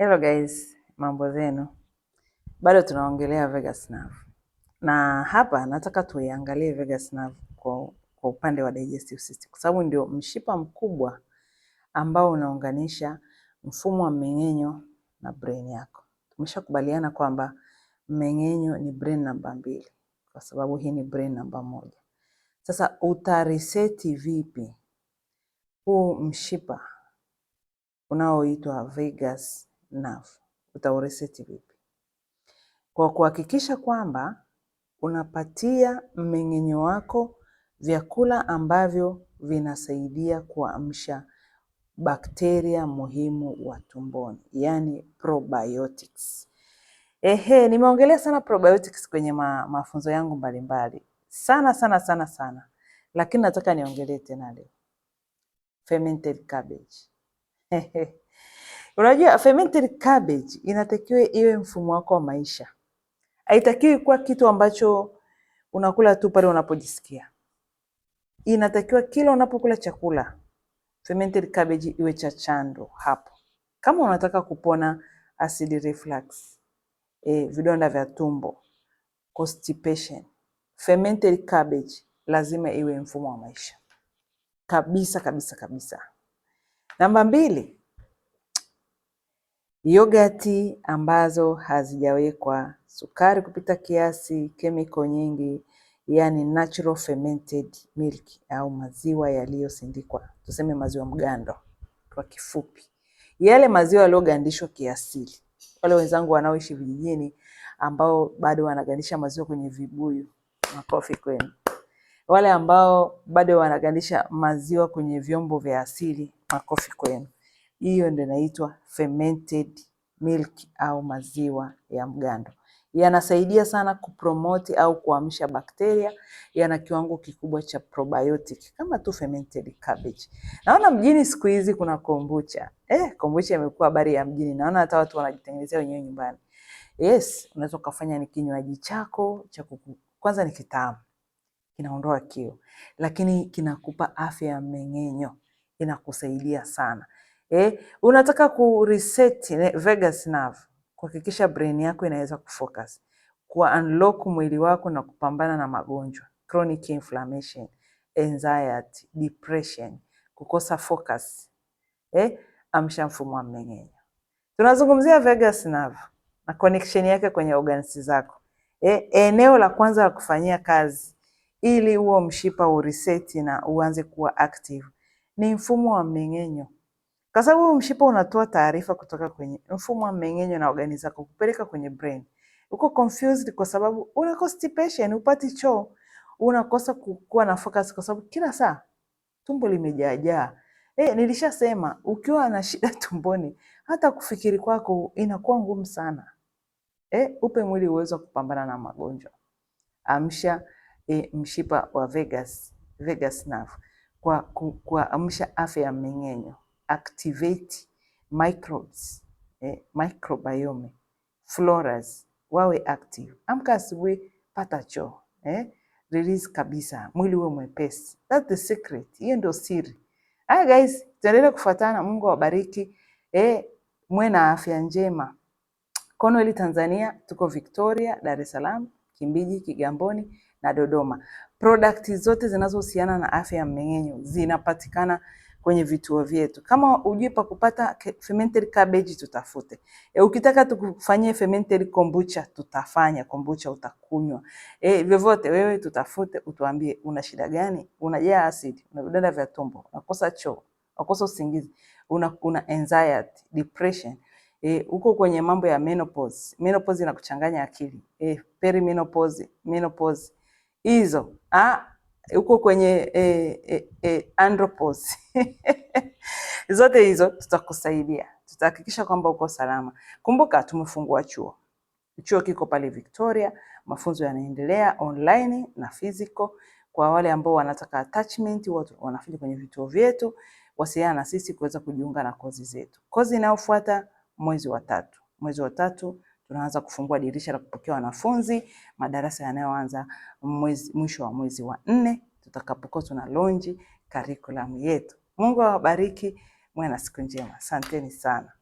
Hello guys, mambo zenu? Bado tunaongelea Vegas nerve. Na hapa nataka tuiangalie Vegas nerve kwa, kwa upande wa digestive system kwa sababu ndio mshipa mkubwa ambao unaunganisha mfumo wa mmeng'enyo na brain yako. Tumeshakubaliana kwamba mmeng'enyo ni brain namba mbili kwa sababu hii ni brain namba moja. Sasa utariseti vipi huu mshipa unaoitwa vagus nerve utaureseti vipi? Kwa kuhakikisha kwamba unapatia mmeng'enyo wako vyakula ambavyo vinasaidia kuamsha bakteria muhimu wa tumboni, yani probiotics. Ehe, nimeongelea sana probiotics kwenye ma, mafunzo yangu mbalimbali sana sana sana sana, lakini nataka niongelee tena leo fermented cabbage Unajua fermented cabbage inatakiwa iwe mfumo wako wa maisha, haitakiwi kuwa kitu ambacho unakula tu pale unapojisikia. Inatakiwa kila unapokula chakula fermented cabbage iwe chachando hapo, kama unataka kupona acid reflux, e, vidonda vya tumbo, constipation. Fermented cabbage lazima iwe mfumo wa maisha kabisa kabisa kabisa. Namba mbili Yogati ambazo hazijawekwa sukari kupita kiasi, kemikali nyingi, yaani natural fermented milk au maziwa yaliyosindikwa, tuseme maziwa mgando kwa kifupi, yale maziwa yaliyogandishwa kiasili. Wale wenzangu wanaoishi vijijini ambao bado wanagandisha maziwa kwenye vibuyu, makofi kwenu. Wale ambao bado wanagandisha maziwa kwenye vyombo vya asili, makofi kwenu. Hiyo ndio inaitwa fermented milk au maziwa ya mgando. Yanasaidia sana kupromote au kuamsha bakteria, yana kiwango kikubwa cha probiotic kama tu fermented cabbage. Naona mjini siku hizi kuna kombucha. Eh, kombucha imekuwa habari ya mjini, naona hata watu wanajitengenezea wenyewe nyumbani. Yes, unaweza kufanya ni kinywaji chako cha kuku. Kwanza ni kitamu, kinaondoa kiu, lakini kinakupa afya ya mmeng'enyo, inakusaidia sana eh, unataka ku reset vagus nerve kuhakikisha brain yako inaweza kufocus, ku unlock mwili wako na kupambana na magonjwa chronic inflammation, anxiety, depression, kukosa focus eh, amsha mfumo wa mmeng'enyo. Tunazungumzia vagus nerve na connection yake kwenye organs zako eh, eneo la kwanza la kufanyia kazi ili huo mshipa ureseti na uanze kuwa active ni mfumo wa mmeng'enyo kwa sababu huu mshipa unatoa taarifa kutoka kwenye mfumo wa mmeng'enyo na organi zako kupeleka kwenye brain. Uko confused kwa sababu una constipation, upati choo, unakosa kuwa na focus kwa sababu kila saa tumbo limejaajaa. E, nilishasema ukiwa na shida tumboni hata kufikiri kwako inakuwa ngumu sana. E, upe mwili uwezo wa kupambana na magonjwa. Amsha e, mshipa wa vagus, vagus nerve kwa kuamsha afya ya mmeng'enyo activate microbes eh, microbiome floras wawe active. Amka asubuhi, pata choo eh, release kabisa, mwili uwe mwepesi. That's the secret, hiyo ndio siri. Haya guys, tuendelee kufuatana. Mungu awabariki eh, mwe na afya njema. Cornwell Tanzania, tuko Victoria, Dar es Salaam, Kimbiji, Kigamboni na Dodoma. Produkti zote zinazohusiana na afya ya mmeng'enyo zinapatikana kwenye vituo vyetu. Kama hujui pa kupata fermented cabbage, tutafute. E, ukitaka tukufanyie fermented kombucha, tutafanya kombucha, utakunywa. E, vyovyote wewe tutafute, utuambie una shida gani, unajaa acid, una vidonda vya tumbo, unakosa choo, unakosa usingizi, una kuna anxiety, depression E, uko kwenye mambo ya menopause, menopause inakuchanganya akili e, perimenopause, menopause hizo ah huko kwenye eh, eh, eh, andropause zote hizo tutakusaidia, tutahakikisha kwamba uko salama. Kumbuka tumefungua chuo, chuo kiko pale Victoria, mafunzo yanaendelea online na physical. Kwa wale ambao wanataka attachment, watu wanafunja kwenye vituo vyetu, wasiliana na sisi kuweza kujiunga na kozi zetu. Kozi inayofuata mwezi wa tatu, mwezi wa tatu tunaanza kufungua dirisha la kupokea wanafunzi madarasa yanayoanza mwisho wa mwezi wa nne, tutakapokuwa tuna lonji curriculum yetu. Mungu awabariki, mwe na siku njema. Asanteni sana.